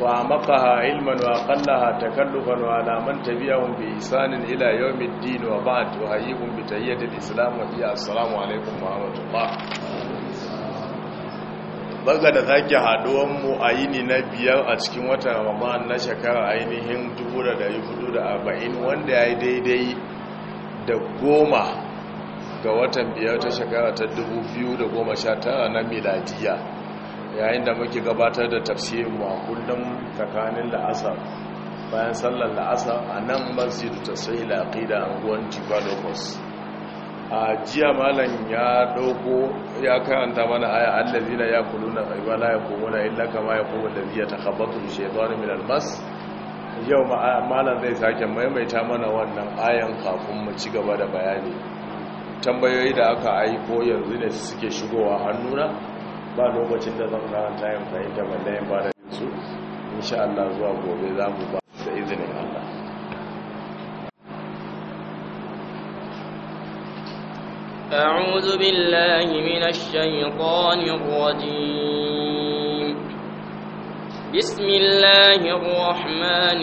وعمقها علما وقلها تكلفا وعلى من تبيعهم بإحسان إلى يوم الدين وبعد أحييكم بتهية الإسلام وهي السلام عليكم ورحمة الله بغد ذاك sake مؤين نبيا yini na biyar a cikin watan ramadan na shekara ainihin 1440 wanda ya yi ga watan biyar ta shekara ta 2019 na miladiya yayin da muke gabatar da mu a kullum tsakanin la'asar bayan sallar la'asar a nan masjidu ta sai laƙida anguwan tibalokos a jiya malam ya ɗauko ya karanta mana aya allazi na ya kulu na ƙaiba la ya komo na illa kama ya komo da biya ta kabbatun shaitan min almas yau malam zai sake maimaita mana wannan ayan kafin mu ci gaba da bayani tambayoyi da aka aiko yanzu ne suke shigowa hannuna ba lokacin da zan karanta yin fahimta balle yin bada yanzu insha Allah zuwa gobe za mu ba da izinin Allah أعوذ بالله من الشيطان الرجيم بسم الله الرحمن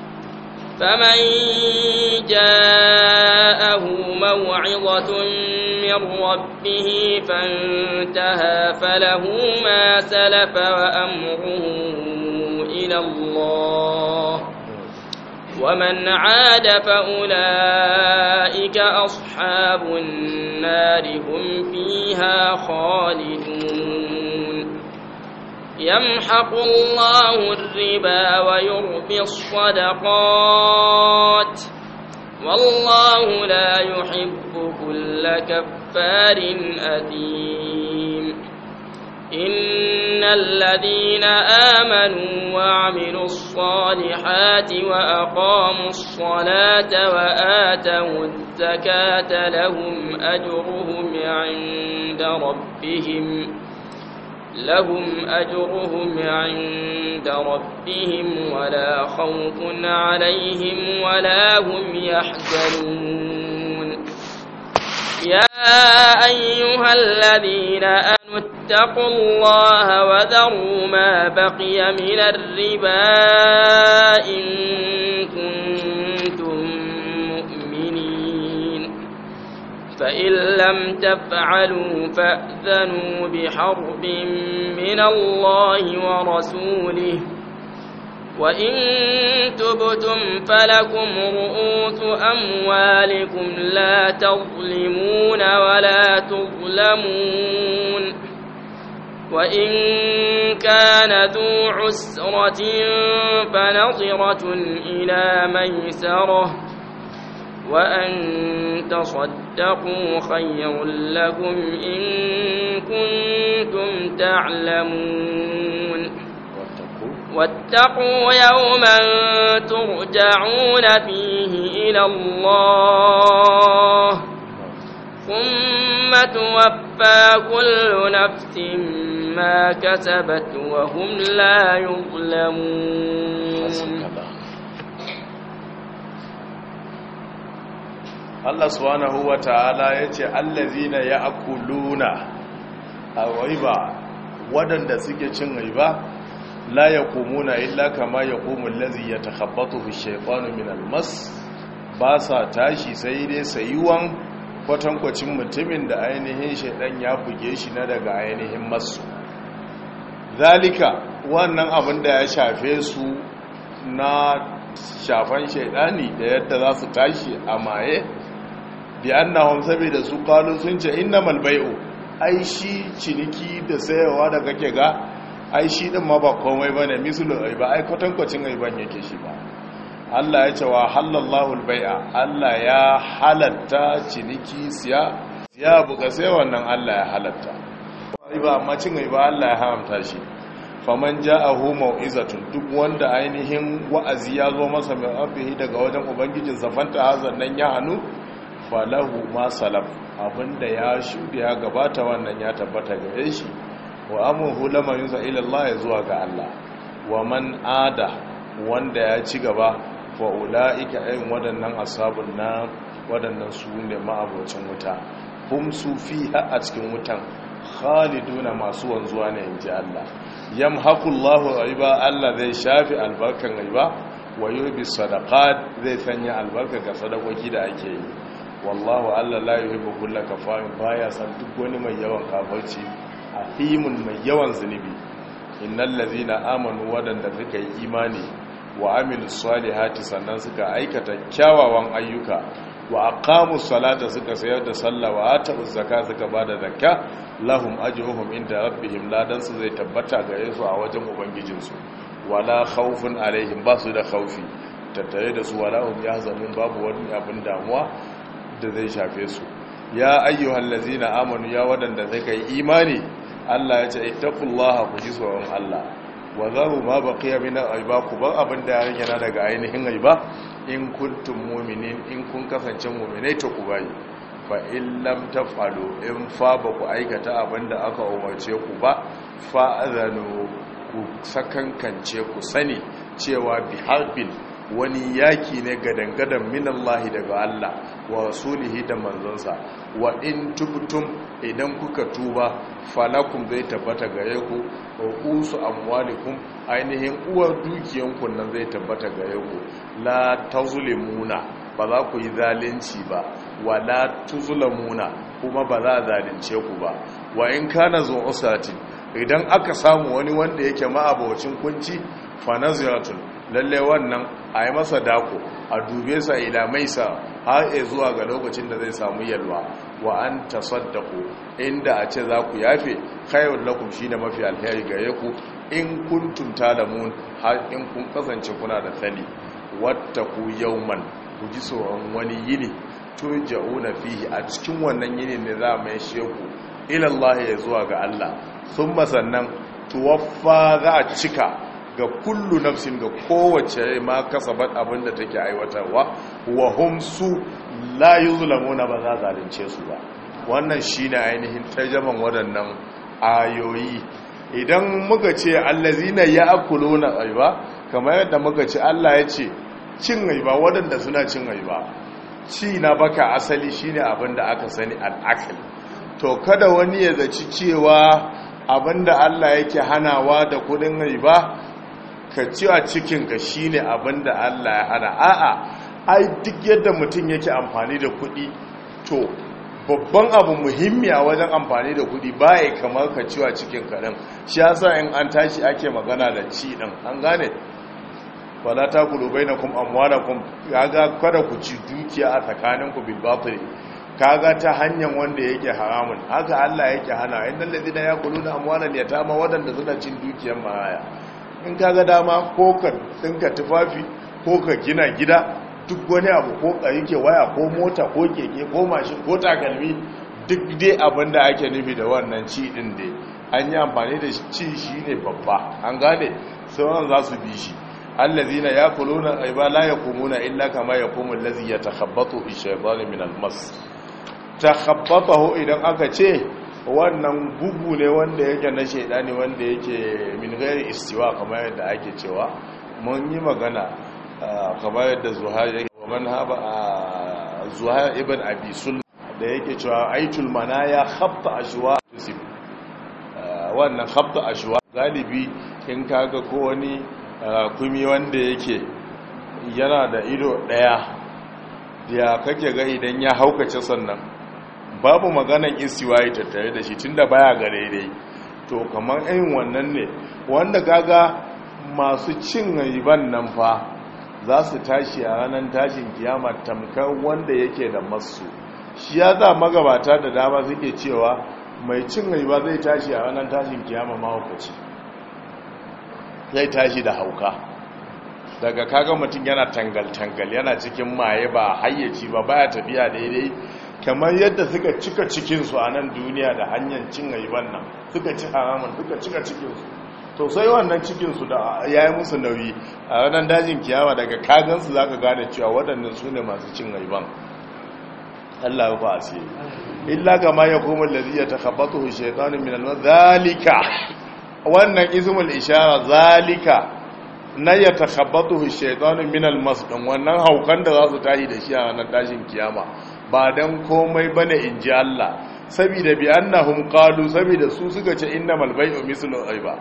فمن جاءه موعظة من ربه فانتهى فله ما سلف وأمره إلى الله ومن عاد فأولئك أصحاب النار هم فيها خالدون يمحق الله الربا ويربي الصدقات والله لا يحب كل كفار أثيم إن الذين آمنوا وعملوا الصالحات وأقاموا الصلاة وآتوا الزكاة لهم أجرهم عند ربهم لهم أجرهم عند ربهم ولا خوف عليهم ولا هم يحزنون يا أيها الذين آمنوا اتقوا الله وذروا ما بقي من الربا إن فإن لم تفعلوا فأذنوا بحرب من الله ورسوله وإن تبتم فلكم رؤوس أموالكم لا تظلمون ولا تظلمون وإن كان ذو عسرة فنظرة إلى ميسره وأن تصدقوا خير لكم إن كنتم تعلمون واتقوا يوما ترجعون فيه إلى الله ثم توفى كل نفس ما كسبت وهم لا يظلمون Allah subhanahu wa ta'ala ya ce allazina ya akuluna a riba waɗanda suke cin riba la ya kumuna illa kama ya kumun lazi ya takabbatu shaifanu min almas ba sa tashi sai dai sayuwan kwatankwacin mutumin da ainihin shaidan ya buge shi na daga ainihin masu zalika wannan abin da ya shafe su na shafan shaidani da yadda za su tashi a maye bi annahum saboda su qalu sun ce innamal bai'u ai shi ciniki da sayawa da kake ga ai shi din ma ba komai bane mislu ai ba ai kwatankwacin ai ban yake shi ba Allah ya ce wa halallahu albai'a Allah ya halatta ciniki siya siya buka sai wannan Allah ya halatta ba amma cin ba Allah ya haramta shi faman ja'ahu mau'izatun duk wanda ainihin wa'azi ya zo masa mai rabbihi daga wajen ubangijin zafanta hazan nan ya hanu falahu ma salam abinda ya shuɗe ya gabata wannan ya tabbata gare shi wa amurhu lamarin ilallah ya zuwa ga Allah wa man ada wanda ya ci gaba fa ula'ika ayin waɗannan asabun na waɗannan su ne ma'abocin wuta hum su fi a cikin wutan khaliduna masu wanzuwa ne in ji Allah yamhaqullahu riba Allah zai shafi albarkan riba wa yubi sadaqat zai sanya albarka ga sadakoki da ake yi wallahu allah la yuhibbu kulla kafarin baya san duk wani mai yawan a athimun mai yawan zunubi innal ladhina amanu wadanda suka yi imani wa amilus salihati sannan suka aikata kyawawan ayyuka wa kamun salata suka sayar da sallah wa atu zakka suka bada zakka lahum ajruhum inda rabbihim ladansu su zai tabbata ga su a wajen ubangijinsu, su wala khawfun alaihim su da khawfi tattare da su wala hum yahzanun babu wani abin damuwa da zai shafe su ya ayyuhal na amanu ya wadanda zai kai imani Allah ya ce ittaqullaha ku ji tsoron Allah wa mu ma ba min al-aiba ku ban abin da yake na daga ainihin aiba in kuntun mu'minin in kun kasance mu'minai to ku bayi fa in lam falo in fa ba ku aikata abin da aka umarce ku ba fa azanu ku sakankance ku sani cewa bi wani yaki ne gadangadan minallahi daga Allah wa rasulihi da manzonsa wa in tubtum idan kuka tuba falakum zai tabbata gare ku usu amwalikum ainihin uwar dukiyanku nan zai tabbata gare ku la tazlimuna ba za ku yi zalunci ba wa la tuzlamuna kuma ba za a zalunce ku ba wa in kana zu'usatin idan aka samu wani wanda yake ma'abocin kunci fa naziratun lalle wannan a yi masa dako a dube sa ila maisa har e zuwa ga lokacin da zai samu yalwa wa an tasaddaku inda a ce za ku yafe khairul lakum shine mafi alheri gare ku in kuntum talamun har in kun kasance kuna da sani wattaku yawman ku ji tsoron wani yini turja'una fihi a cikin wannan yini ne za mai sheku ila Allah ya zuwa ga Allah sun sannan tuwaffa za a cika ga kullu nafsin ga kowace ma kasabat abinda take aiwatarwa wa hum su la yuzlamuna ba za zalunce su ba wannan shine ainihin tarjaman waɗannan ayoyi idan muka ce allazina na ayba kamar yadda muka ce Allah ya ce cin ayba wadanda suna cin ayba ci na baka asali shine abinda aka sani al to kada wani ya zaci cewa abinda Allah yake hanawa da kudin ayba ka ci a cikinka shi ne abin da allah ya hana a'a ai duk yadda mutum yake amfani da kuɗi to babban abu muhimmi a wajen amfani da kuɗi baya kamar ka ciwa cikin kaɗan shi ya sa in an tashi ake magana da ci ɗin an gane fala ta gudu bai na kuma amma da kuma ga kada ku ci dukiya a tsakaninku ka kaga ta hanyar wanda yake haramun haka allah yake hana inda lalzina ya kulu da amma da ta ma waɗanda suna cin dukiyar maraya in ka ga dama ko ka tsinka tufafi ko ka gina gida duk wani abu ko ka yi waya ko mota ko keke ko mashin ko takalmi duk dai abin da ake nufi da wannan ci din dai an yi amfani da ci shi ne babba an gane sauran za su bi shi ya kulo na aiba la ya na illa kama ya ya allazi ya ba ne min almas. mas idan aka ce wannan bugu ne wanda yake na shaidani wanda yake min gairi istiwa kamar yadda ake cewa mun yi magana kamar yadda zuhair yake man haba ibn abi sulma da yake cewa aitul ya khabta ashwa tusib wannan khabta ashwa galibi kin kaga ko wani kumi wanda yake yana da ido daya ya kake ga idan ya haukace sannan babu maganan istiwayi tattare da shi tunda baya ga daidai to kamar irin wannan ne wanda gaga masu cin riban nan fa za su tashi a ranar tashin kiyama tamkar wanda yake da masu shi ya za magabata da dama suke cewa mai cin riba zai tashi a ranar tashin kiyama mahaukaci zai tashi da hauka daga kaga mutum yana tangal-tangal yana cikin maye ba hayyaci ba baya tafiya daidai kamar yadda suka cika cikinsu a nan duniya da hanyar cin haiban nan suka ci haramun suka cika cikinsu to sai wannan cikinsu da ya yi musu nauyi a ranar dajin kiyawa daga kagansu za ka gane cewa waɗannan su ne masu cin haiban allah ya ba asiri illa ma ya koma lalziya ta khabbatu shaitanin min alma zalika wannan izmul ishara zalika na ya ta khabbatu shaitanin min almas wannan haukan da za su tahi da shi a ranar dajin kiyama ba dan komai bane in ji Allah saboda bi annahum qalu saboda su suka ce innamal bai'u mislu riba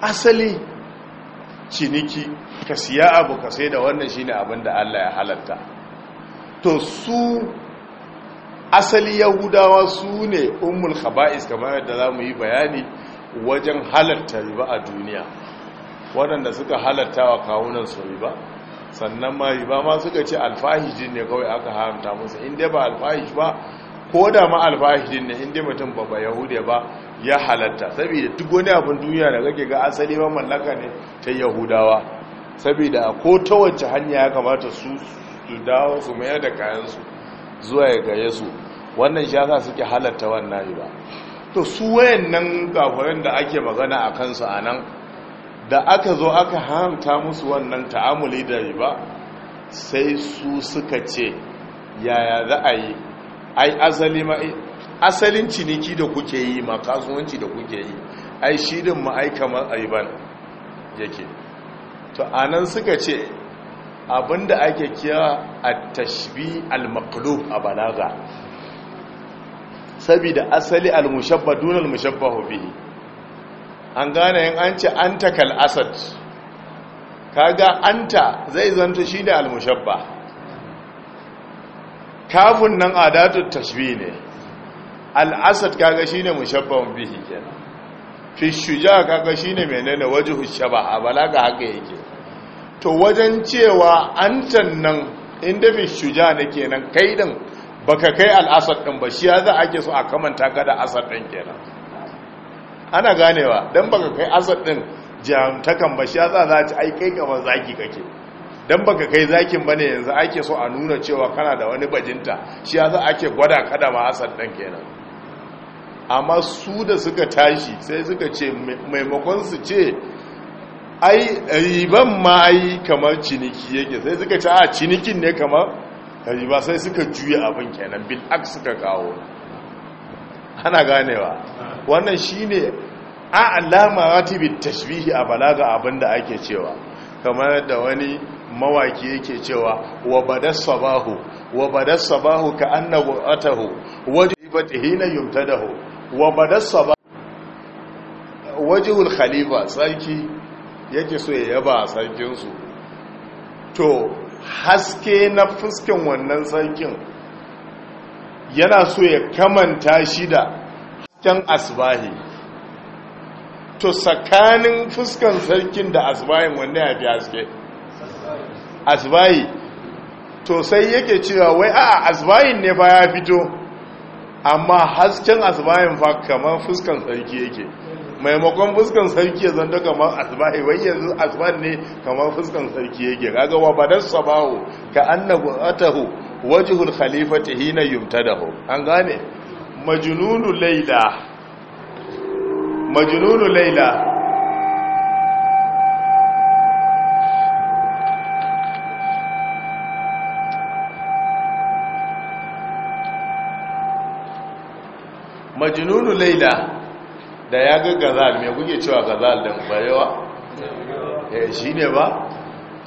asali ciniki ka siya abu ka sai da wannan shine abin da Allah ya halatta to su asali yahudawa su ne ummul khaba'is kamar yadda zamu yi bayani wajen halatta riba a duniya waɗanda suka halatta wa kawunan su riba sannan ma Ba ma suka ce alfahijin ne kawai aka haramta musu inda ba alfahij ba ko da ma alfahijin ne inda mutum ba ba yahude ba ya halatta saboda duk wani abin duniya da kake ga asali ba mallaka ne ta yahudawa saboda ko ta wacce hanya ya kamata su su dawo su mayar da kayansu zuwa ya gaye su wannan shi yasa suke halatta wannan ba to su wayannan gafaran da ake magana a kansu a nan? da aka zo aka haramta musu wannan ta'amuli da riba sai su suka ce yaya za a yi ai asalin ciniki da kuke yi ma kasuwanci da kuke yi ai shi din ma ai yake to anan suka ce abinda ake kira at-tashbi al-maqlub a balaga Sabida asali al-mushabbah dun al-mushabbahu bihi an gane yin an ce an ta kal'asad kaga an ta zai zanta shi da almushabba kafin nan adatun tashbi ne al'asad kaga shi ne mushabban bihi kenan fi shuja kaga shi ne menene waje hushaba a balaga haka yake to wajen cewa an can nan inda fi shuja ne kenan kai din baka kai al'asad din ba shi ya za ake so a kamanta kada da asad din kenan ana ganewa don baka kai asad din jahantakan ba shi ya za ci ai kai kamar zaki kake don baka kai zakin ba ne yanzu ake so a nuna cewa kana da wani bajinta shi za ake gwada kada ma asad ɗin kenan amma su da suka tashi sai suka ce maimakon su ce ai riban ma ai kamar ciniki yake sai suka ce a cinikin ne kamar riba sai suka juya abin kenan bil ak suka kawo ana ganewa wannan shine a alama ratibit tashbihi a balaga abinda ake cewa kamar da wani mawaki yake cewa wa badas sabahu wa badas sabahu ka annahu atahu wajibat hina yumtadahu wa badas sabahu wajihul khalifa sarki yake so ya yaba sarkin su to haske na fuskin wannan sarkin yana so ya kamanta shi da can asibahi to tsakanin fuskan sarkin da asibahin wanda ya fi haske asibahi to sai yake cewa wai a asibahin ne ba ya fito amma hasken asibahin fa kamar fuskan sarki yake maimakon fuskan sarki ya zanta kamar asibahi wai yanzu asibahin ne kamar fuskan sarki yake gawa wa don sabahu ka annahu atahu wajhul khalifati hina yumtadahu an gane majununu laila majununu laila majununu laila da ya ga gazal mai kuke cewa gazal da barewa eh, shi ne ba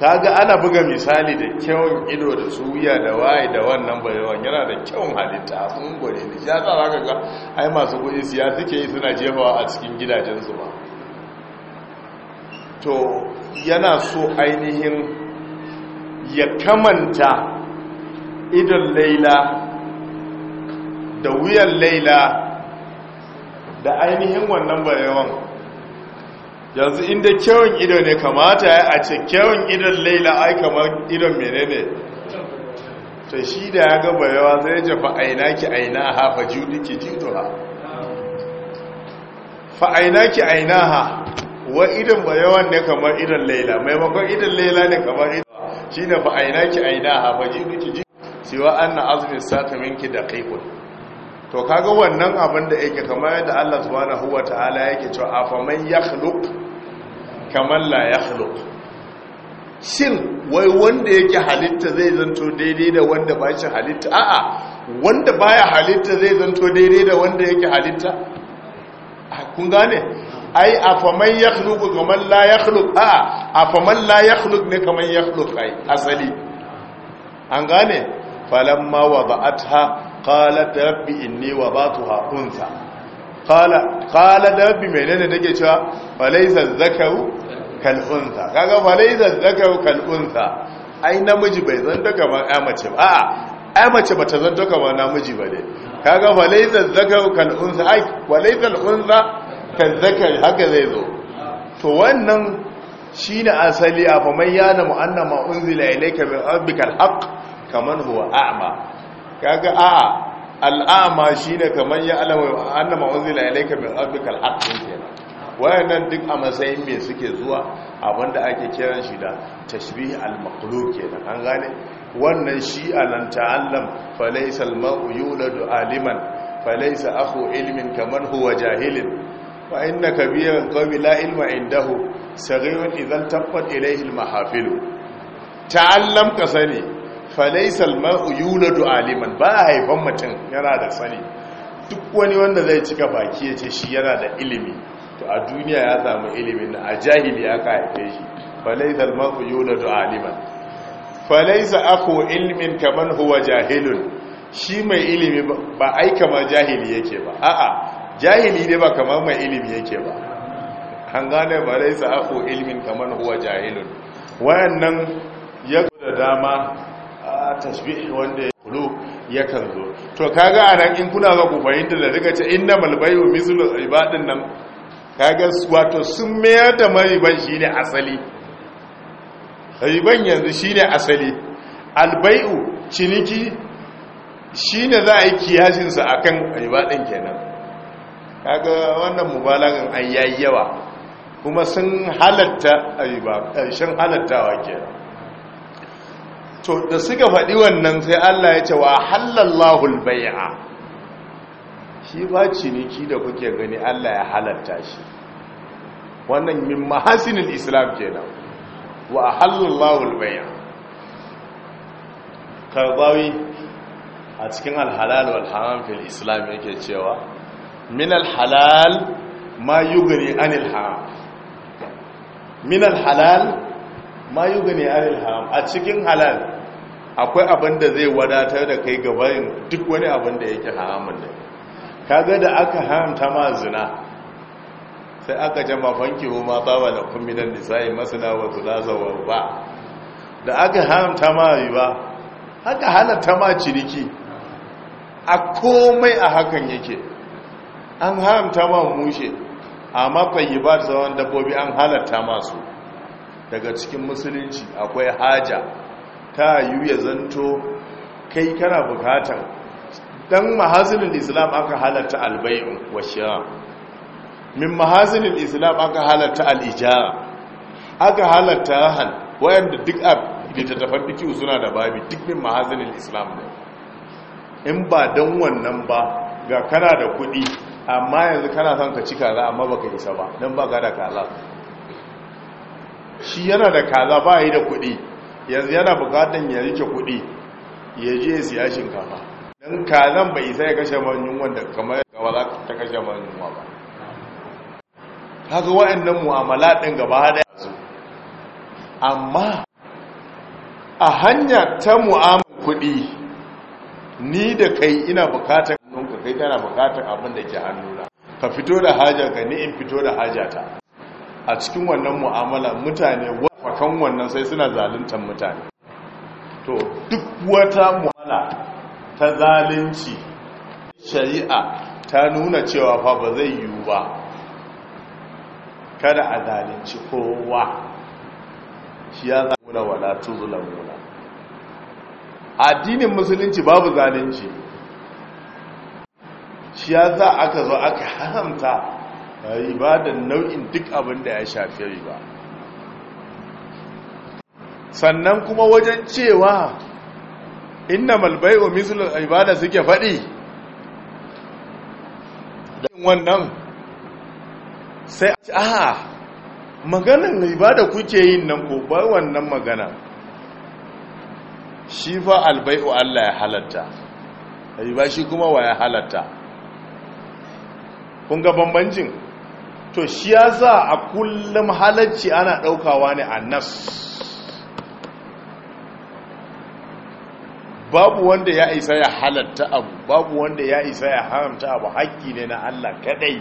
ga ana buga misali da kyawun ido da suya da waye da wannan bayawan yana da kyawun halitta sun gore ne ya tsara ka ga ai masu kuɗi siya suke yi suna jefawa a cikin gidajensu ba to yana so ainihin ya kamanta idon laila da wuyan laila da ainihin wannan bayawan yanzu inda kyawun ido ne kamata ya a ce kyawun idon laila ai kamar idon menene ta shi da ya gaba yawa zai jafa aina ki aina ha fa judi ki jido ha fa aina ki aina ha wa idon ba yawan ne kamar idon laila maimakon idon laila ne kamar idon shi ne fa aina ki aina ha fa judi ki jido siwa an na azumin minki da kaikun to kaga wannan abin da yake kamar yadda Allah subhanahu wataala yake cewa afaman yakhluq kaman la yakhluq shin wai wanda yake halitta zai zanto daidai da wanda ba shi halitta a'a wanda baya halitta zai zanto daidai da wanda yake halitta ah, kun gane ai afaman yakhluq kaman la yakhluq a'a afaman la yakhluq ne kaman yakhluq ai asali an gane falamma wada'atha qalat rabbi inni wabatuha unsa qala qala rabbi menene take cewa falaysa zakaru kal unsa kaga falaysa zakaru kal unsa ai namiji bai zanta kamar ya mace ba a'a ai mace bata zanto kamar namiji bane kaga falaysa zakaru kal unsa ai walaysa unsa haka zai zo to wannan shine asali a faman yana mu'annama unzila ilayka min rabbikal haqq kaman huwa a'ma kaga a al'ama shine kaman ya alama annama unzila ilayka min rabbikal haqq kenan wayannan duk a matsayin me suke zuwa abinda ake kiran shi da tashbihi al-maqlub kenan an gane wannan shi anan ta'allam falaysa al-mar'u yuladu aliman falaysa akhu ilmin kaman huwa jahilin wa innaka biyan qawmi la ilma indahu saghirun idhan tabbat ilayhi al-mahafil ta'allam ka sani falaisal ma'u yuladu aliman ba haifan mutum yana da sani duk wani wanda zai cika baki ya ce shi yana da ilimi to a duniya ya samu ilimin da a jahili ya ka haife shi falaisal ma'u yuladu aliman falaisa ako ilmin kaman huwa jahilun shi mai ilimi ba ai kamar jahili yake ba a'a jahili ne ba kamar mai ilimi yake ba an gane ba laisa ako ilmin kaman huwa jahilun wayannan ya da dama a wanda ya kulu yakan zo to kaga a nan in kuna ga ku fahimta da rika ce inna bayu mislu ibadin nan kaga wato sun mayar da mariban shine asali ban yanzu shine asali albai'u ciniki shine za a yi kiyashin sa akan ibadin kenan kaga wannan mubalagan an kuma sun halatta riba shin halattawa kenan to da suka faɗi wannan sai Allah ya ce wa halallahu albay'a shi ba ciniki da kuke gani Allah ya halatta shi wannan min mahasinil islam kenan wa halallahu albay'a karbawi a cikin alhalal wal haram fil islam yake cewa min alhalal ma yugni anil haram min alhalal ma yi gane yi haram a cikin halal akwai abin da zai wadatar da kai gabayin duk wani abin da yake haramun da kaga da aka haramta ma zina sai aka jama fanki ma tsawa da kumminan nisa'i masana wa tulazawa ba da aka haramta ma ba haka halatta ma ciniki a komai a hakan yake an haramta ma mushe amma kwayi ba dabbobi an halatta masu daga cikin musulunci akwai haja ta yi ya zanto kai kana bukatar dan mahazinin islam aka halatta albayin washe min mahazinin islam aka halatta al'ijara aka halatta rahal wayanda duk a littattafan duki suna da babi duk min mahazinin islam ne in ba dan wannan ba ga kana da kuɗi amma yanzu kana son ka cika za amma baka isa ba don baka da kaza shi yana da kaza ba yi da kuɗi yanzu yana bukatan ya rike kuɗi ya je siya shinkafa don kazan bai isa ya kashe manyan wanda kamar gawa za ta kashe manyan wa ba kaga wa'annan mu'amala ɗin gaba da su amma a hanya ta mu'amun kuɗi ni da kai ina bukatar hannunka kai tana bukatar abin da ke hannuna ka fito da haja ka ni in fito da hajata a cikin wannan mu'amala mutane wafakan wannan sai suna zaluntar mutane to duk wata mu'amala ta zalunci shari'a ta nuna cewa fa ba zai yiwu ba kada a zalunci kowa shi ya zaɓula wala tuzulamuna addinin musulunci babu zalunci shi ya za aka zo aka haramta ibadan nau'in duk abin da ya shafi riba sannan kuma wajen cewa inna malbai o mislul ibada suke faɗi don wannan sai a maganin ibada kuke yin nan ko bai wannan magana shi fa o Allah ya halatta riba shi kuma wa ya halatta kun ga bambancin to shi ya za a kullum halarci ana ɗaukawa ne a nas babu wanda ya isa ya halatta abu babu wanda ya isa ya haramta abu haƙƙi ne na Allah kaɗai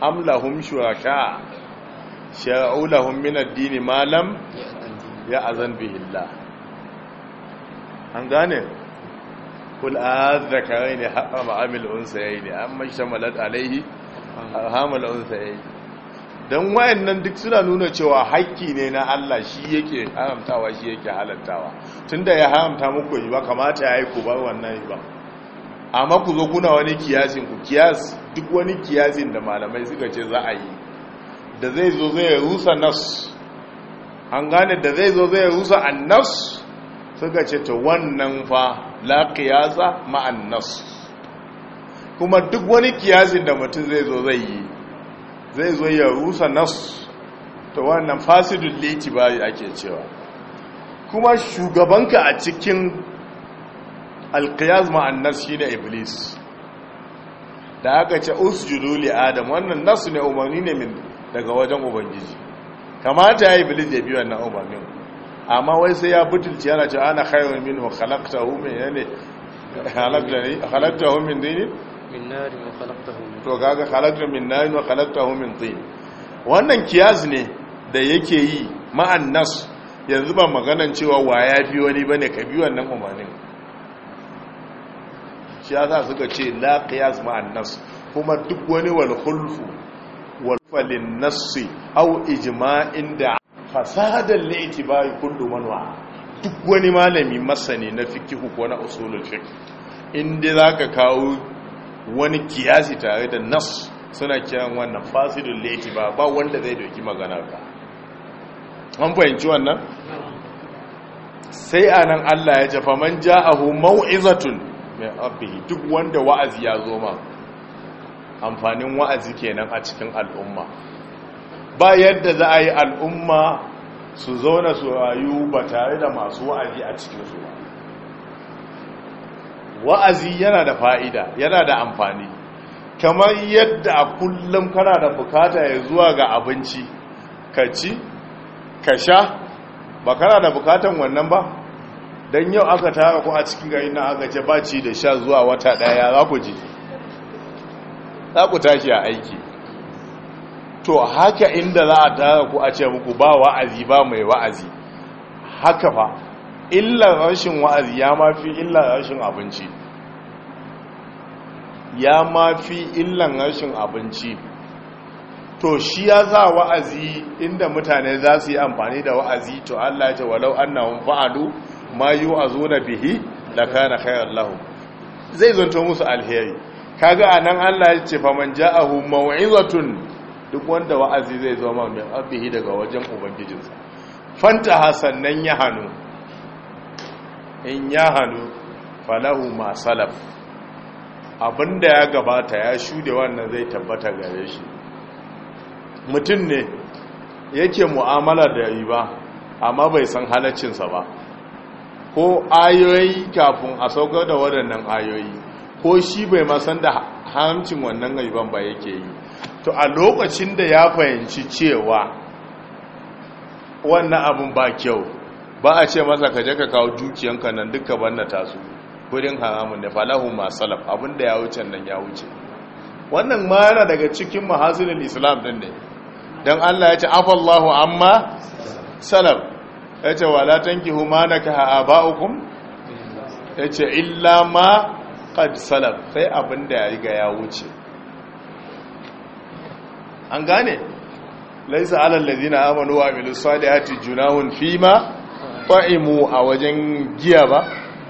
amlahum shuraka shara'u min ad-din ya azan ya'zan bihi Allah an gane kul azzakarai ne haɓama amil unsayi ne an mashamalar alaihi hamil unsayi don nan duk suna nuna cewa haƙƙi ne na Allah shi yake haramtawa shi yake halattawa tunda ya haramta muku yi ba kamata ya yi ku bar wannan yi ba amma ku zo kuna wani kiyasin ku kiyas duk wani kiyasin da malamai suka ce za a yi da zai zo zai rusa nas an gane da zai zo zai rusa annas suka ce ta wannan fa la qiyasa ma'an nas kuma duk wani kiyasin da mutum zai zo zai yi zai zo ya rusa nas ta wannan fasidul litibari ake cewa kuma shugabanka a cikin alqiyas ma'an nas ne iblis da aka ce usjudu li adam wannan nasu ne umarni ne min daga wajen ubangiji kamata ya iblis ya biyu wannan umarnin amma wai sai ya butulci yana ce ana khairun wa khalaqtahu min yani eh khalaqtani khalaqtahu min dinin min nari wa khalaqtahu min to kaga khalaqta min nari wa khalaqtahu min tin wannan kiyas ne da yake yi ma'an nas yanzu ba maganan cewa wa ya fi wani bane ka bi wannan umarnin shi yasa suka ce la qiyas ma'an nas kuma duk wani wal khulfu wal falin nassi aw ijma'in da fasadar laiti bayi kundu manuwa duk wani malami masani na fiki ko na usulun fiqh inda za ka kawo wani kiyasi tare da nas suna kiran wannan fasidun laiti ba ba wanda zai doki magana ba an fahimci wannan sai anan Allah ya jafa man ja'ahu mau'izatun mai rabbihi duk wanda wa'azi ya zo ma amfanin wa'azi kenan a cikin al'umma ba yadda za a yi al'umma su zauna su rayu ba tare da masu wa'azi a cikinsu ba wa'azi yana da fa'ida yana da amfani kamar yadda a kullum kana da bukata ya zuwa ga abinci ka ci ka sha ba kana da bukatan wannan ba don yau aka tara ku a cikin gari na aka ba ci da sha zuwa wata daya za ku ji za ku tashi a aiki to haka inda za a tara ku a ce muku ba wa'azi ba mai wa'azi haka fa illar rashin wa'azi ya mafi illar rashin abinci ya mafi illan rashin abinci to shi ya za wa'azi inda mutane za su yi amfani da wa'azi to Allah ya ce walau annahum fa'alu ma yu'azuna bihi na khayran lahum zai zanto musu alheri kaga anan Allah ya ce faman ja'ahu maw'izatun duk wanda wa'azi zai zo ma mai abihi daga wajen ubangijinsa fanta hasannan ya hannu in ya hannu falahu masalaf abinda ya gabata ya shude wannan zai tabbata gare shi mutum ne yake mu'amala da yi ba amma bai san halaccinsa ba ko ayoyi kafin a saukar da waɗannan ayoyi ko shi bai masan da hancin wannan ayuban ba yake yi to a lokacin da ya fahimci cewa wannan abin ba kyau ba a ce masa ka je ka kawo dukiyanka nan duka banna tasu kudin haramun ne falahu ma abin da ya wuce nan ya wuce wannan ma yana daga cikin mahazinin islam din ne don allah ya ce afallahu amma salaf ya ce wa na ka ma ba aba'ukum ya ce illa ma kad salaf sai abin da ya riga ya wuce an gane laisa alal ladina amanu wa amilus salihati junahun fima ta'imu a wajen giya ba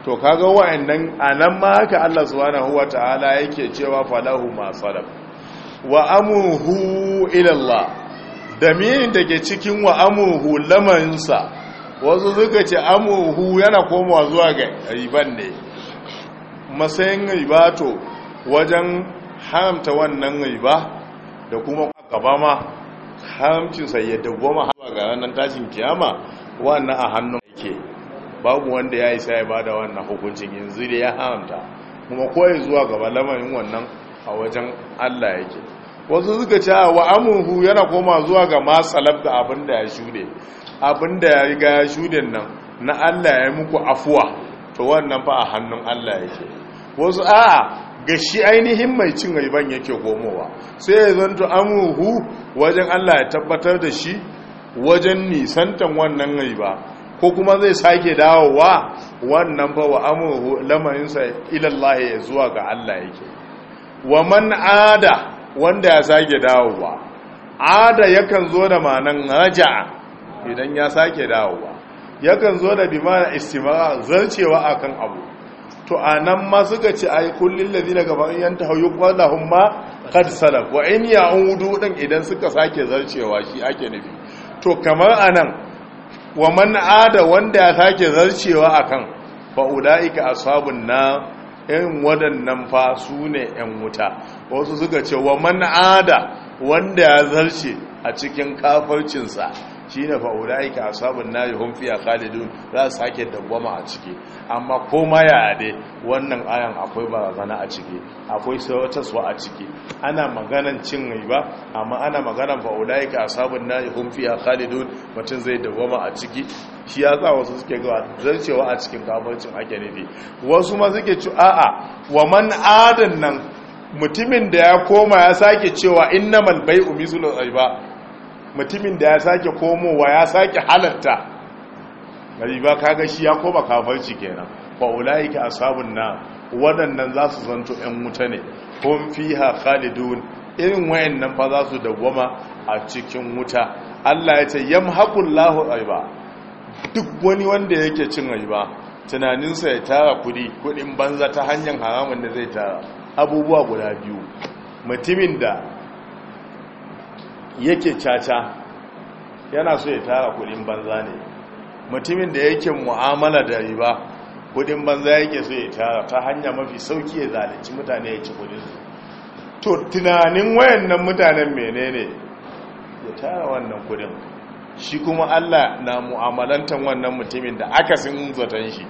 to kaga wa'annan anan ma haka Allah subhanahu wataala yake cewa falahu ma wa amuhu ila Allah da ke cikin wa amuhu lamansa wasu suka ce amuhu yana komawa zuwa ga riban ne masayin riba to wajen haramta wannan riba da kuma gaba ma haramcinsa ya dawwama haɓa ga ranan tashin kiyama wannan a hannun yake babu wanda ya isa ya bada wannan hukuncin yanzu da ya haramta kuma koyi zuwa gaba lamarin wannan a wajen Allah yake wasu suka ce wa amuhu yana koma zuwa ga masalab da abin da ya shude abin da ya riga ya shude nan na Allah ya yi muku afuwa to wannan fa a hannun Allah yake wasu a'a ga shi ainihin mai cin riban yake komowa sai ya zanto amuhu wajen Allah ya tabbatar da shi wajen nisantan wannan riba ko kuma zai sake dawowa wannan ba wa amuhu lamarinsa ilallahi ya zuwa ga Allah yake wa man ada wanda ya sake dawowa ada yakan zo da manan raja idan ya sake dawowa yakan zo da bimana istimara zarcewa akan abu to a nan ma suka ce ai kullun ladina gaban yan ta hayu qallahum ma qad salaf wa in ya'udu din idan suka sake zarcewa shi ake nufi to kamar anan wa man ada wanda ya sake zarcewa akan fa ulaika ashabun na in wadannan fa su ne yan wuta wasu suka ce wa man ada wanda ya zarce a cikin kafircinsa shine fa ulaika ashabun nari hum fiha khalidun za su sake dabbama a ciki amma ko ma ya dai wannan ayan akwai barazana a ciki akwai sautaswa a ciki ana maganan cin ba, amma ana maganan fa ulaika ashabun nari hum fiha khalidun mutun zai dabbama a ciki shi ya sa wasu suke gawa zarcewa a cikin kafircin ake nufi wasu ma suke ci a'a wa man adan nan mutumin da ya koma ya sake cewa innamal bai'u mislu ba. mutumin da ya sake komowa ya sake halarta riba kaga shi ya koma kafarci kenan fa ulaika ashabun na waɗannan za su zanto 'yan wuta ne kun fiha khalidun irin wayannan fa za su dawwama a cikin wuta Allah ya ce yamhaqullahu aiba duk wani wanda yake cin riba tunaninsa ya tara kudi kudin banza ta hanyar haramun da zai tara abubuwa guda biyu mutumin da yake caca yana so ya tara kudin banza ne mutumin da yake mu'amala da riba kudin banza yake so ya tara ta hanya mafi sauki ya zalunci mutane ya ci kudin su to tunanin wayannan mutanen menene ya tara wannan kudin shi kuma Allah na mu'amalantan wannan mutumin da aka sun zaton shi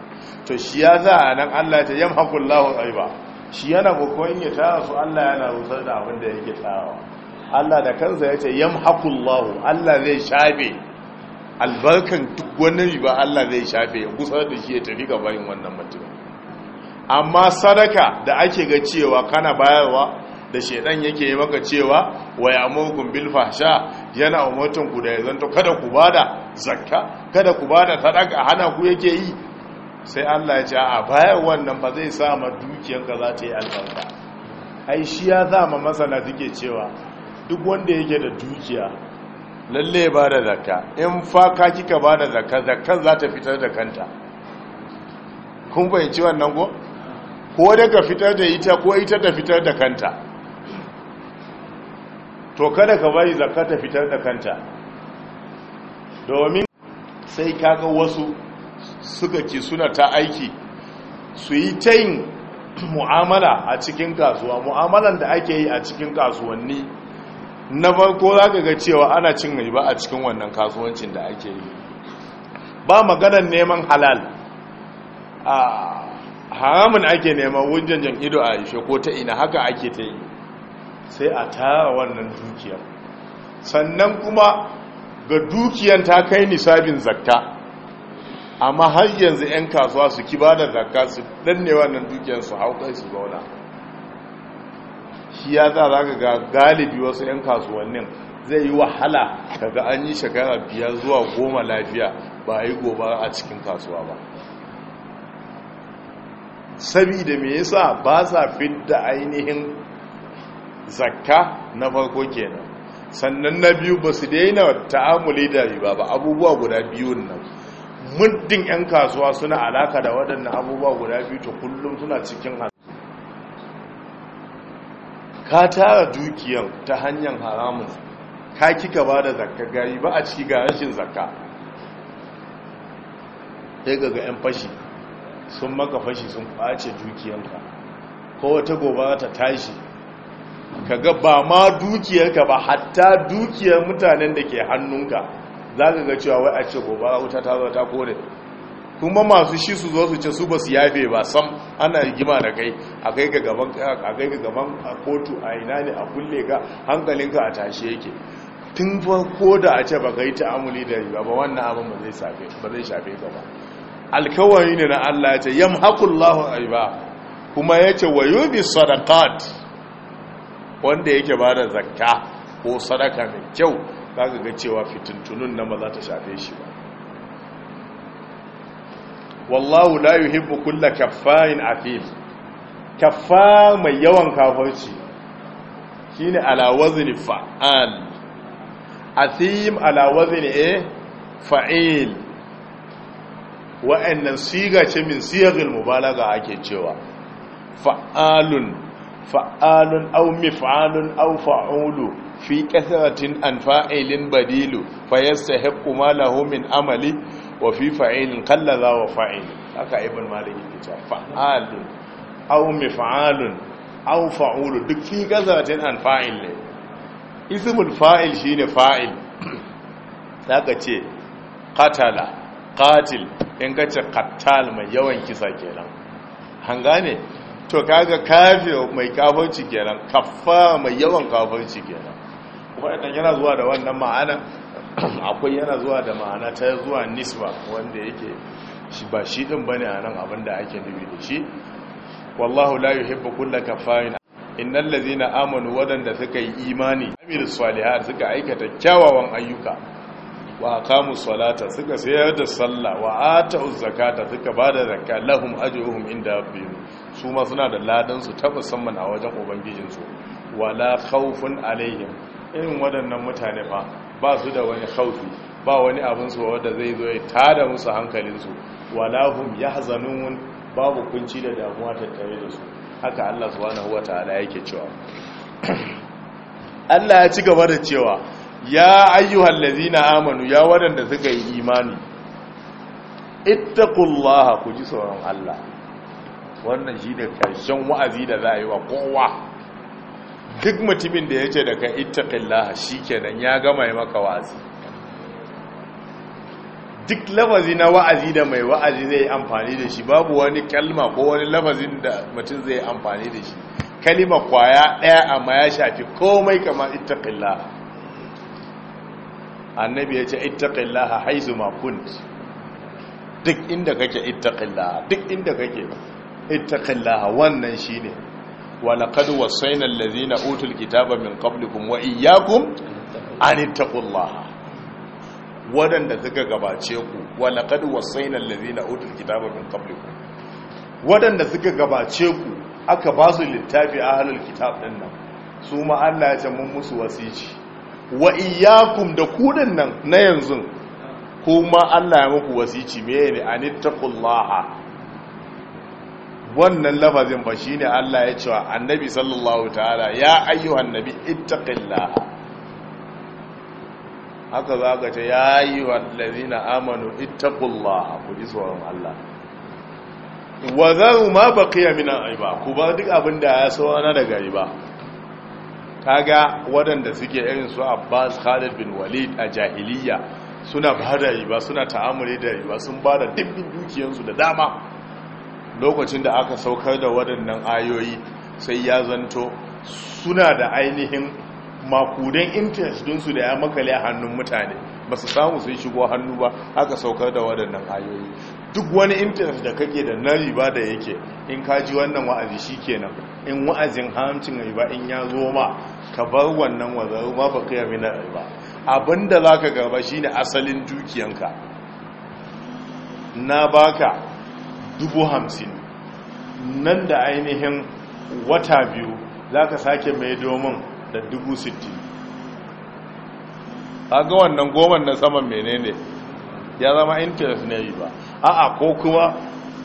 to shi ya za a nan Allah ta yamhakullahu aiba shi yana kokon ya tara su Allah yana rusar da abin da yake tarawa Allah da kansa ya ce yamhaqullahu Allah zai shafe albarkan duk wani riba Allah zai shafe kusa gusar da shi ya tafi ga wannan mutum amma sadaka da ake ga cewa kana bayarwa da shedan yake yi maka cewa wa ya'murukum bil fahsha yana umurtun ku da yanzu kada ku bada zakka kada ku bada sadaka hana ku yake yi sai Allah ya ce a bayan wannan ba zai sa ma dukiyanka za ta yi albarka ai shi ya zama masana duke cewa duk wanda yake da dukiya lalle ba da zakka in faka kika ba da zakka zakkan za ta fitar da kanta kun fahimci wannan ko ko daga fitar da ita ko ita ta fitar da kanta to kada ka bari zakka ta fitar da kanta domin sai kaga wasu suka ci suna ta aiki su yi ta yin mu'amala a cikin kasuwa mu'amalan da ake yi a cikin kasuwanni na farko za ka ga cewa ana cin riba a cikin wannan kasuwancin da ake yi ba maganar neman halal a haramun ake neman wujen ido a ishe ko ta ina haka ake ta yi sai a tara wannan dukiyar sannan kuma ga dukiyar ta kai nisabin zakka amma har yanzu 'yan kasuwa su kiba da zakka su danne wannan dukiyar su hauka su zauna shi ya za za ga galibi wasu 'yan kasuwannin zai yi wahala daga an yi shekara biyar zuwa goma lafiya ba a yi gobara a cikin kasuwa ba sabida me yasa ba sa fidda ainihin zakka na farko kenan sannan na biyu ba su daina ta'amuli da riba ba abubuwa guda biyun nan muddin 'yan kasuwa suna alaka da waɗannan abubuwa guda biyu ta kullum suna cikin ka tara dukiyan ta hanyar haramun ka kika ba da zakka gari ba a ciki ga rashin zakka sai ga 'yan fashi sun maka fashi sun ɓace dukiyarka. ko wata gobara ta tashi kaga ba ma dukiyarka ba hatta dukiyar mutanen da ke hannunka za ka ga cewa wai a ce gobara wuta ta zo ta kore kuma masu shi su zo su ce su ba su yafe ba sam ana rigima da kai a kai ga gaban a ga kotu a ina ne a kulle ka hankalinka a tashe yake tun farko da a ce ba kai ta'amuli da riba ba wannan abin ba zai shafe ka ba alkawari ne na Allah ya ce yamhaqullahu riba kuma yace wayubi sadaqat wanda yake ba da zakka ko sadaka mai kyau kaga ga cewa fitintunun nan ba za ta shafe shi ba wallahu la yuhibbu kulla kaffarin afif kaffa mai yawan kafarci shine ala wazni fa'al athim ala wazni e fa'il wa'annan siga ce min siyagil mubalaga ake cewa fa'alun fa'alun aw mif'alun aw fa'ulu fi kasratin an fa'ilin badilu fa yastahiqqu ma lahu min amali wa fi fa'ilin kallaza wa fa'ilin aka ibin malin yake cewa fa'alun mai mif'alun au fa'ulu duk fi gazatin an fa'il ne ismul fa'il shine fa'il ka ce katala katil in kace katal mai yawan kisa kenan hanga ne to kaga kafi mai kafanci kenan kafa mai yawan kafanci kenan waɗannan yana zuwa da wannan ma'ana akwai yana zuwa da ma'ana ta zuwa nisba wanda yake shi ba shi din bane a nan da ake nufi da shi wallahu la yuhibbu kulla kafarin innal ladhina amanu wadanda suka yi imani amil Saliha suka aikata kyawawan ayyuka wa aqamu salata suka sayar da sallah wa atau zakata suka bada zakka lahum ajruhum inda rabbihim su ma suna da ladan su ta musamman a wajen ubangijinsu wala khawfun alaihim irin waɗannan mutane ba. ba su da wani haufi ba wani abin su wanda zai zo ya tada musu hankalin hankalinsu walahum yahzanun babu kunci da damuwa tattare da su haka Allah subhanahu wataala yake cewa Allah ya ci gaba da cewa ya ayyuhal Ladina amanu ya wadanda suka yi imani ittaqullaha ku ji tsoron Allah wannan shi da karshen wa'azi da za a yi wa kowa duk mutumin da ya ce daga ittaqillaha shikenan ya gama yi maka wa'azi duk lafazi na wa'azi da mai wa'azi zai amfani da shi babu wani kalma ko wani lafazin da mutum zai amfani da shi kalima kwaya ɗaya amma ya shafi komai kama ittaqillaha annabi ya ce ittaqillaha haizu ma kunt duk inda kake ittaqillaha duk inda kake ittaqillaha wannan shine wa laqad wasayna allazina utul kitaba min qablikum wa iyyakum an taqullaha wadanda suka gabace ku wa laqad wasayna allazina utul kitaba min qablikum wadanda suka gabace ku aka ba su littafi ahlul kitab din nan su ma Allah ya ce mun musu wasici wa iyyakum da ku din nan na yanzu kuma Allah ya muku wasici me ne an taqullaha wannan lafazin ba shine Allah ya cewa annabi sallallahu ta'ala ya ayyuhan nabi ittaqillaha haka za ka ce ya ayyuhan ladina amanu ittaqullaha ku ji tsoron Allah wa zaru ma baqiya min al-aiba ku ba duk abinda ya sauna daga riba kaga waɗanda suke irin su Abbas Khalid bin Walid a jahiliya suna bada da riba suna ta'amuli da riba sun ba da dukiyansu da dama lokacin da aka saukar da waɗannan ayoyi sai ya zanto suna da ainihin makudan interest dinsu da ya makale a hannun mutane ba su samu sun shigo hannu ba aka saukar da waɗannan ayoyi duk wani interest da kake da na riba da yake in ka ji wannan wa'azi shi kenan in wa'azin hancin riba in ya zo ma ka bar wannan wazaru ma ba kai amina riba abinda za ka garba shi ne asalin dukiyanka na baka dubu hamsin nan da ainihin wata biyu za ka sake mai domin da dubu sittin ga wannan goman na saman menene ya zama interest ne yi ba a'a ko kuma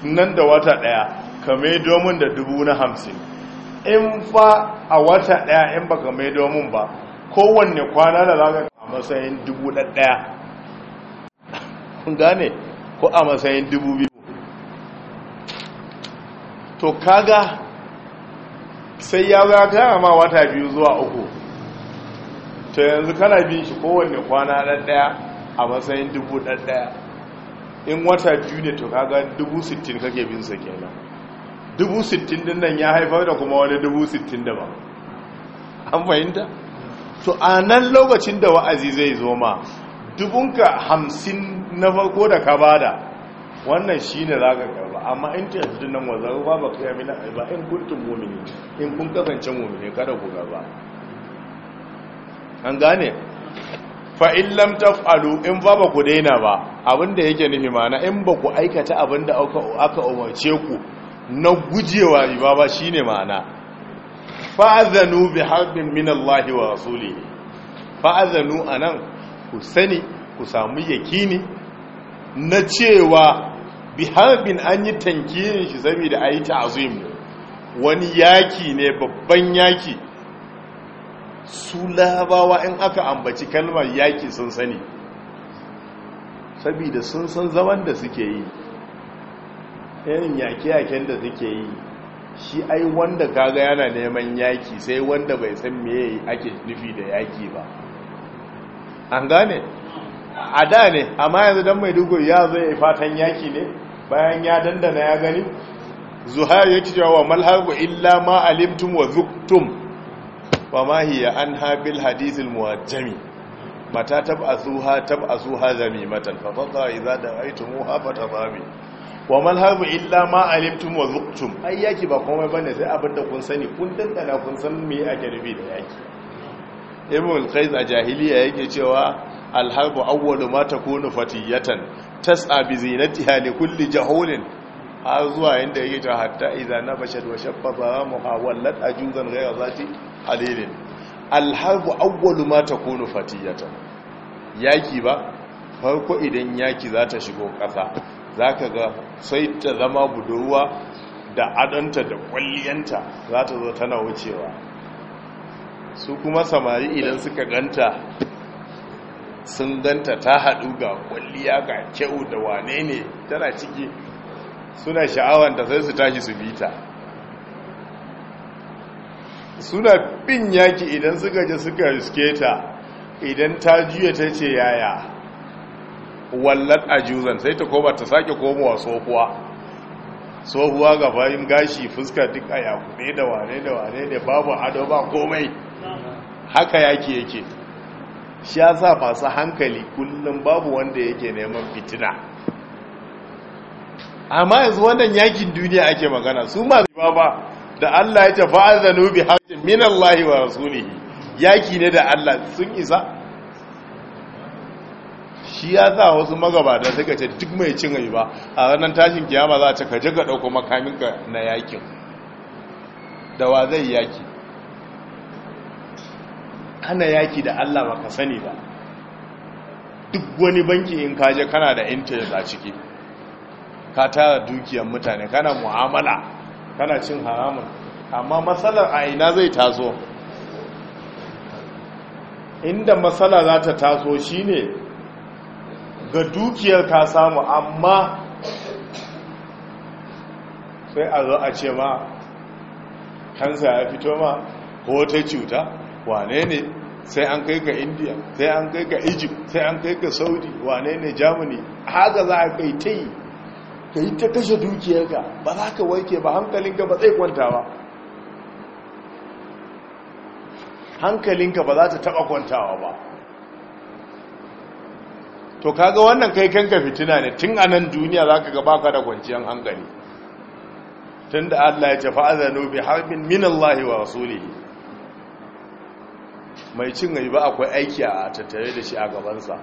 nan da wata daya ka mai domin da dubu na hamsin in fa a wata daya in ba ka mai domin ba kowanne kwana da za ka a matsayin dubu ɗaya gane ko a matsayin dubu biyu to kaga sai ya zagaya ma wata biyu zuwa uku to yanzu kana bin shi kowanne kwana ɗaya a matsayin dubu ɗaya, in wata biyu ne to kaga dubu sittin kake bin sa kenan dubu sittin din nan ya haifar da kuma wani dubu sittin da ba an fahimta to a nan lokacin da wa'azi zai zo ma dubunka hamsin na farko da ka bada wannan shi ne za ka ba amma in ta yanzu nan wanzan ba ba kai mina ba in kuntum mu'mini in kun kasance mu'mini kada ku gaba an gane fa in lam in ba ba ku daina ba abinda yake nufi mana in ba ku aikata abinda aka umarce ku na gujewa riba ba shine ma'ana fa'azanu bi harbin min Allah wa rasulihi fa'azanu anan ku sani ku samu yakini na cewa harbin an yi tankirin shi da a yi ta'azim wani yaki ne babban yaki su labawa in aka ambaci kalmar yaki sun sani saboda sun san zaman da suke yi irin yake-yaken da suke yi shi ai wanda kaga yana neman yaki sai wanda bai san meye ake nufi da yaki ba an gane a da ne amma yanzu don mai dugo ya zai fatan yaki ne bayan ya dandana ya gani zuhair ya cewa wa malhaku illa ma alimtum wa zuktum wa ma hiya an habil hadithil muwajjami mata tab'athuha tab'athuha zamimatan fa fadha idza da'aytumuha fatazami wa malhaku illa ma alimtum wa zuktum ai yaki ba komai bane sai da kun sani kun dandana kun san me ake rubi da yaki ibn al-qais a jahiliya yake cewa alharbu awwalu ma takunu fatiyatan tas'a bi zinatiha li kulli jahulin har zuwa inda yake ta hatta idza nabashat wa shabbaha muhawallat ajuzan ghayra zati alilin alharbu awwalu ma takunu fatiyatan yaki ba farko idan yaki za ta shigo kasa zaka ga sai ta zama budurwa da adanta da kwalliyanta za ta zo tana wucewa su kuma samari idan suka ganta sun ganta ta haɗu ga kwalliya ga kyau da wane ne tana ciki suna sha'awanta sai su tashi su bita suna bin yaki idan suka je suka riske ta idan ta juya ta ce yaya wallan ajuzan sai ta koma ta sake komowa tsohuwa tsohuwa ga bayan gashi fuska duk a ne da wane da wane da babu ado ba komai haka yaki yake shi ya sa masu hankali kullum babu wanda yake neman fitina amma yanzu wannan yakin duniya ake magana su ma zuba ba da Allah ya tafi azanu bi haƙin min Allah wa rasulihi yaki ne da Allah sun isa shi ya sa wasu magabata suka ce duk mai cin riba a ranar tashin kiyama za a ce ka je ka ɗauko makaminka na yakin da wa zai yaki hana yaki da Allah ba ka sani ba duk wani banki in kaje kana da interest a ciki ka tara dukiyar mutane kana mu'amala kana cin haramun amma matsalar a ina zai taso inda matsala za ta taso shine ga dukiyar ka samu amma sai a zo a ce ma kansa ya fito ma ko ta cuta wane ne sai an kai ga india sai an kai ga egypt sai an kai ga saudi wane ne germany haka za a kai ta yi ka yi ta kashe dukiyarka ba za ka warke ba hankalinka ba zai kwanta ba hankalinka ba za ta taɓa kwantawa ba to kaga wannan kai kanka fitina ne tun a nan duniya za ka gaba ka da kwanciyar hankali tun da allah ya tafi azanu bi harbin minallahi wa rasulihi mai cin riba akwai aiki a tattare da shi a gabansa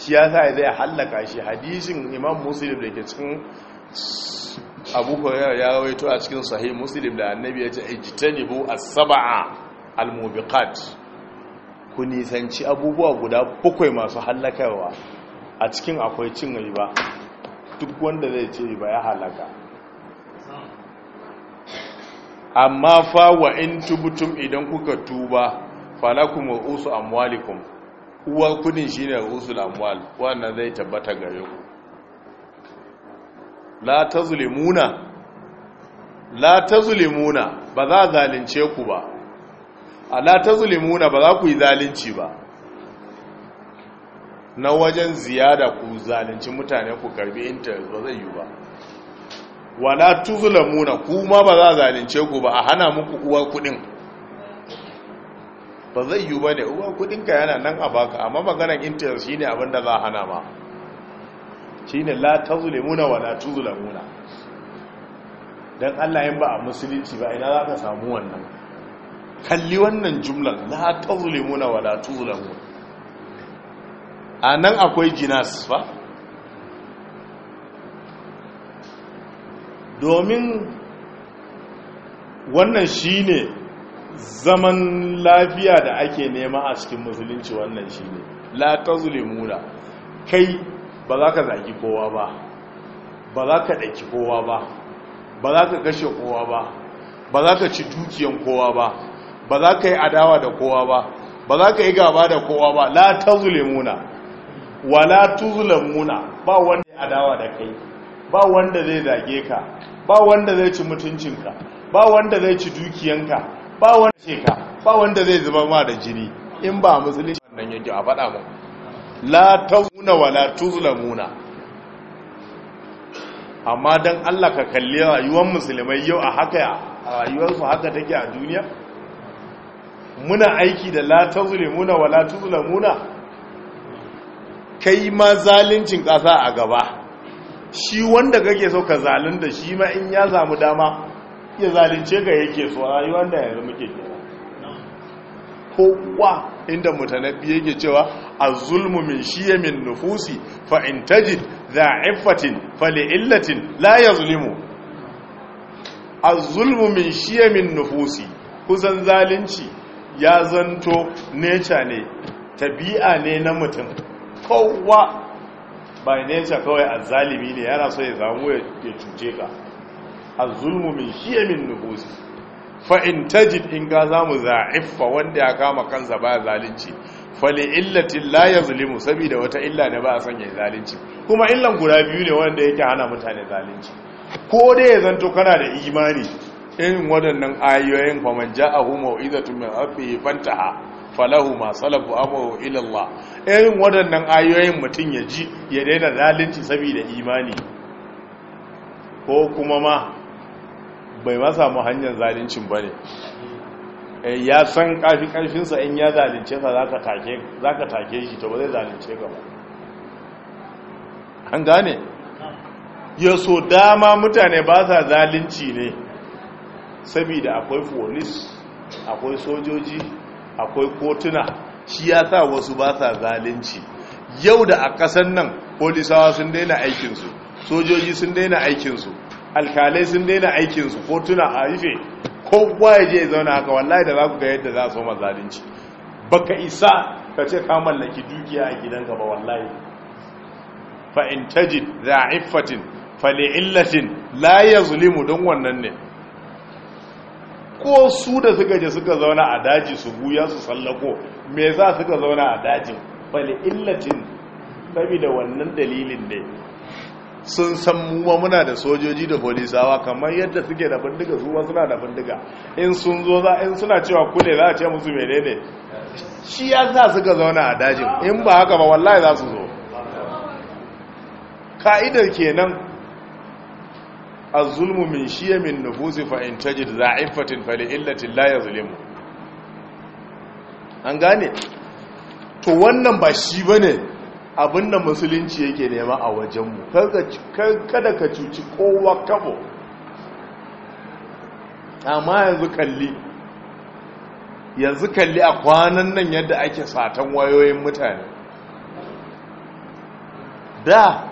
shi ya sa zai hallaka shi hadisin imam muslim da ke cikin abu ya rawaito a cikin sahih muslim da annabi ya ce bu a saba'a al-mubiqat ku nisanci abubuwa guda bakwai masu hallakarwa a cikin akwai cin riba duk wanda zai ce riba ya hallaka amma fa wa in tubtum idan kuka tuba falakum wa usu amwalikum uwa kudin shine usul amwal wannan zai tabbata gare ku la tazlimuna la tazlimuna ba za zalunce ku ba la tazlimuna ba za ku yi zalunci ba na wajen ziyada ku zalunci mutane ku karbi intanet ba zai yi ba wala tuzlamuna kuma ba za a zalunce ku ba a hana muku uwa kudin ba zai yi ba ne uwa kudin ka yana nan a baka amma maganar interest shine abin da za a hana ma shine la tuzlamuna wala tuzlamuna dan Allah yin ba a musulunci ba ina za ka samu wannan kalli wannan jumlan la tuzlamuna wala tuzlamuna anan akwai jinas fa domin wannan shi ne zaman lafiya da ake nema a cikin musulunci wannan shi ne, la muna. kai ba za ka zagi kowa ba ba za ka ɗaki kowa ba ba za ka kashe kowa ba ba za ka ci dukiyan kowa ba ba za ka yi adawa da kowa ba ba za ka yi gaba da kowa ba la muna, wa la muna. ba wanda adawa da kai ba wanda zai zage ka ba wanda zai ci mutuncinka ba wanda zai ci dukiyanka ba wanda ce ka ba wanda zai zama ma da jini in ba musulunci wannan yanki a faɗa mu la tauna wa la tuzlamuna amma dan Allah ka kalli rayuwar musulmai yau a haka a rayuwarsu haka take a duniya muna aiki da la tazlimuna wa la tuzlamuna kai ma zalincin ƙasa a gaba shi wanda kake so ka da shi ma in ya samu dama ya zalunce ga yake so a rayuwar da yanzu muke Ko kowa inda mutanabbi yake cewa shi zulmu min nufusi fa’in in tajid dha'ifatin fa illatin la yazlimu az-zulmu min min nufusi kusan zalunci ya zanto neca ne tabi'a ne na mutum kowa by nature kawai azzalimi ne yana so ya zamu ya cuce ka azzulmu min shiyamin nubusi fa in tajid in ka zamu za'iffa wanda ya kama kansa ba zalunci fali illatin la yazlimu saboda wata illa ne ba a sanya zalunci kuma illan guda biyu ne wanda yake hana mutane zalunci ko dai ya zanto kana da imani irin waɗannan ayoyin faman ja'ahu mau'izatun min rabbihi fantaha falahu ma salabu amru ila Allah irin waɗannan ayoyin mutum ya ji ya daina zalunci saboda imani ko kuma ma bai ma samu hanyar zaluncin bane eh, ya san kafi karfinsa in ya zalunce sa zaka take zaka take shi to ba zai zalunce ka ba an gane ya so dama mutane ba sa zalunci ne saboda akwai folis akwai sojoji akwai kotuna shi ya sa wasu ba sa zalunci yau da a ƙasan nan polisawa sun daina aikinsu sojoji sun daina aikinsu alkalai sun daina aikinsu kotuna a rufe kowa ya je zauna haka wallahi da za ku ga yadda za su Ba ka isa ka ce ka mallaki dukiya a gidanka ba wallahi fale in tajid za'ifatin fa don wannan ne ko su da suka je suka zauna a daji su buya su sallako me za suka zauna a dajin bali illatin saboda wannan dalilin ne sun san muma muna da sojoji da polisawa kamar yadda suke da bindiga su ma suna da bindiga in sun zo za in suna cewa kule za a ce musu menene shi ya za suka zauna a dajin in ba haka ba wallahi za su zo ka'idar kenan az-zulmu min shiyamin nufusi fa in tajid za'ifatin fali an gane to wannan ba shi bane abin da musulunci yake nema a wajenmu kada ka cuci kowa kabo amma yanzu kalli yanzu kalli a kwanan nan yadda ake satan wayoyin mutane da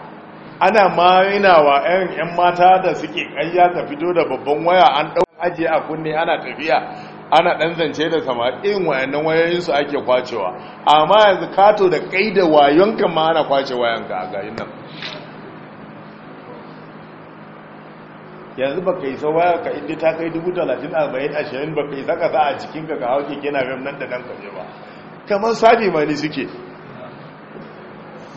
ana marinawa yan yan mata da suke ƙarya ta fito da babban waya an ɗau ajiye a kunne ana tafiya ana ɗan zance da samaɗin wayannan wayoyinsu ake kwacewa amma yanzu kato da kai da wayonka ma ana kwace wayanka a gayin nan yanzu ba ka isa waya ka inda ta kai ashirin ba ka isa ka sa a cikinka ka hauke kina nan da nan kaje ba kamar sabi mani suke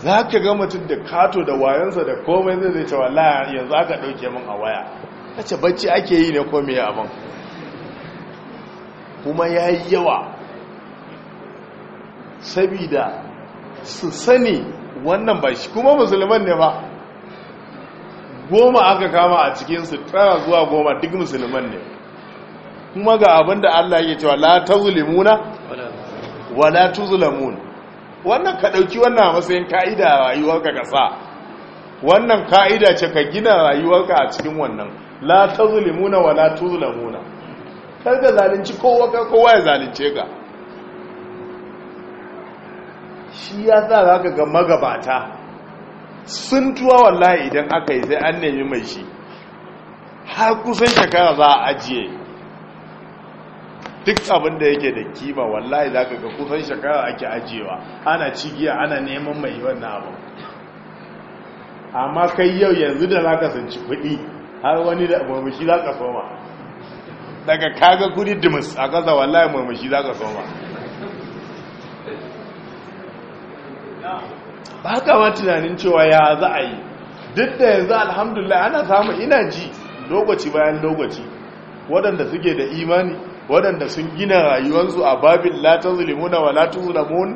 za ka ga mutum da kato da wayansa da komai zai zai cewa la yanzu aka ɗauke min a waya a ce bacci ake yi ne komai abin kuma ya yi yawa sabida su sani wannan ba shi kuma musulman ne ba goma aka kama a cikinsu tara zuwa goma duk musulman ne kuma ga abinda allah ya wa la ta zulimuna wala zulamuna wannan ka ɗauki wannan a matsayin ka'ida a rayuwarka ka sa wannan ka'ida ce ka gina rayuwarka a cikin wannan la ta zulimuna wa la tuzlamuna kar ka zalunci kowa ka kowa ya zalunce ka shi ya sa za ka ga magabata sun tuwa wallahi idan aka yi sai an nemi mai shi har kusan shekara za a ajiye duk abin da yake da kima wallahi za ka ga kusan shekara ake ajiyewa ana cigiya ana neman mai wannan abu amma kai yau yanzu da za ka sanci kuɗi har wani da murmushi za ka soma daga kaga kudi dimus a kasa wallahi murmushi za ka soma ba ka ma tunanin cewa ya za a yi duk da yanzu alhamdulillah ana samu ina ji lokaci bayan lokaci waɗanda suke da imani waɗanda sun gina rayuwarsu a babin latin zulimuna wa latin zulamun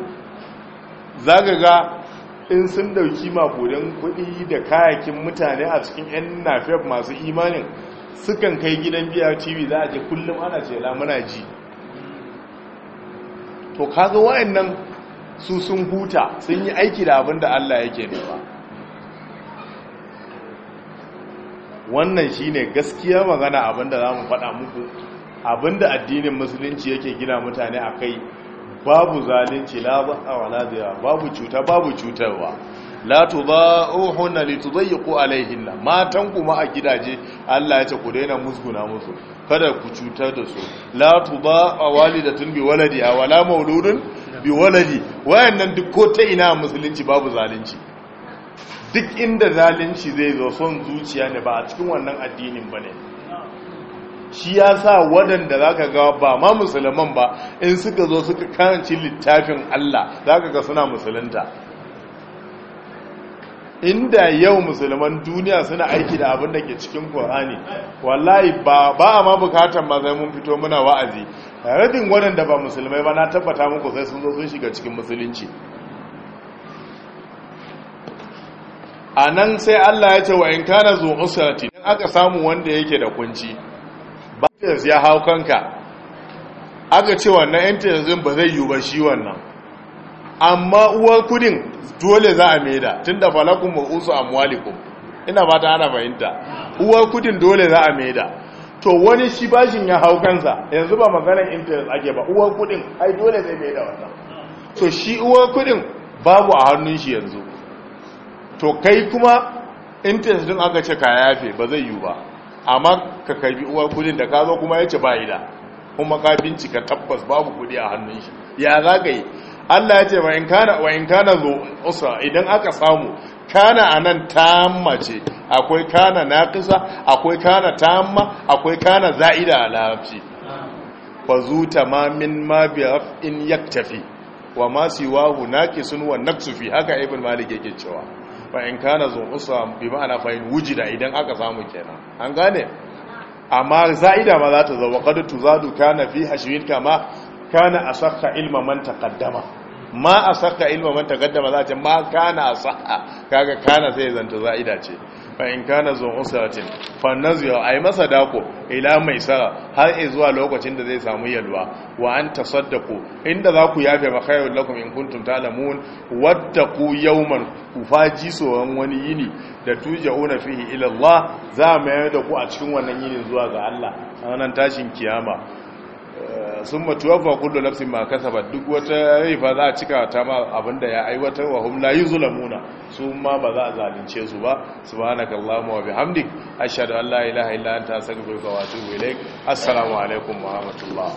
za ga in sun dauki makudan kuɗi da kayakin mutane a cikin 'yan nafiyar masu imanin sukan kai gidan tv za a je kullum ana ce lamuna ji to kaga wa'annan su sun huta sun yi aiki da abin da allah yake nema wannan shine gaskiya magana abin da za mu faɗa muku abinda addinin musulunci yake gina mutane a kai babu zalunci babu cuta babu cutarwa la ko alaihin alaihinna matan kuma a gidaje Allah ya ce ku daina musguna musu kada ku cutar da su la tudha'a walidatun bi a wala mauludun bi waladi wayannan duk ko ta ina musulunci babu zalunci duk inda zalunci zai zo son zuciya ne ba a cikin wannan addinin bane shi ya sa waɗanda za ka gawa ba ma musulman ba in suka zo suka karanci littafin Allah za ka ga suna musulunta inda yau musulman duniya suna aiki da abin da ke cikin ƙorani wallahi ba a ma bukatan ba zai mun fito muna wa'azi radin waɗanda ba musulmai ba na tabbata muku sai sun zo sun shiga cikin musulunci a nan sai Allah ya ce wa in kana zo usrati aka samu wanda yake da kunci ba ya hau kanka aka ce wannan intanet ba zai yi ba shi wannan amma uwar kudin dole za a maida tun da falakun ma'usu amwalikum ina ba ta ana fahimta uwar kudin dole za a maida to wani shi bashin ya hau kansa yanzu ba maganar intanet ake ba uwar kudin ai dole zai maida wannan to shi uwar kudin babu a hannun shi yanzu to kai kuma intanet din aka ce ka yafe ba zai yi ba amma ka karbi uwar kudin da ka zo kuma ya ce ba da, kuma ka bincika tabbas babu kudi a hannun shi ya za ka yi Allah ya ce wa in kana wa in kana zo usra idan aka samu kana anan tamma ce akwai kana naqisa akwai kana tamma akwai kana za'ida a Ba fa zu min ma bi in yaktafi wa ma hunaki sun, wa naqsu fi haka ibn malik yake cewa fa'in kana zuwa bi ma'ana fa'in wujida idan aka samu kenan an gane amma za'ida ma za ta zo za tuzadu kana fi hashwin kama kana a saka ilma man kaddama, ma a saka ilma man kaddama za ta ma kana a saka kaga kana sai zanta za'ida ce fa in kana zo usratin fa naziya ay masa dako ila mai sara har zuwa lokacin da zai samu yalwa wa an tasaddaku inda za ku yafe ba khairul lakum in kuntum ta'lamun wattaqu yawman kufaji tsoron wani yini da tuja'una fihi ila Allah za mu da ku a cikin wannan yinin zuwa ga Allah ranar tashin kiyama sun ba kullu nafsin ma kasaba duk wata rifa za a cika ta ma abinda ya aiwatar wa hum la yuzlamuna su ma ba za a zalunce su ba subhanakallahumma wa bihamdik ashhadu an la ilaha illa anta astaghfiruka wa atubu ilaik assalamu alaikum wa rahmatullah